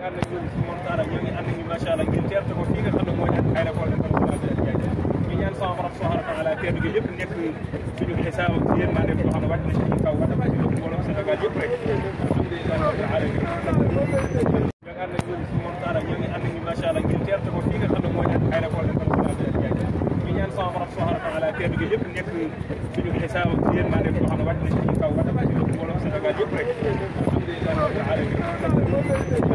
ak ànd ak ñoom si moom Talla ñoo ngi ànd ak ñu macha allah ñu teerte ko fii nga xam ne mooy ak aéroport international bi ak Diagne ñu ñaan sama borom subhanahu wa taala teer gi lépp nekk suñu xisaab ak yéen maa nekk loo xam ne wàcc na ci kaw wala wàcc na mbooloo Sénégal yëpp rek alhamdulilah rabbil alamin nga ànd ak ñoom si moom Talla ñoo ngi ànd ak ñu macha allah ñu teerte ko fii nga xam ne mooy ak aéroport international bi ak Diagne ñu ñaan sama borom subhanahu wa taala teer gi lépp nekk suñu xisaab ak yéen maa nekk loo xam ne wàcc na ci kaw wala wàcc na mbooloo Sénégal yëpp rek alhamdulilah rabbil alamin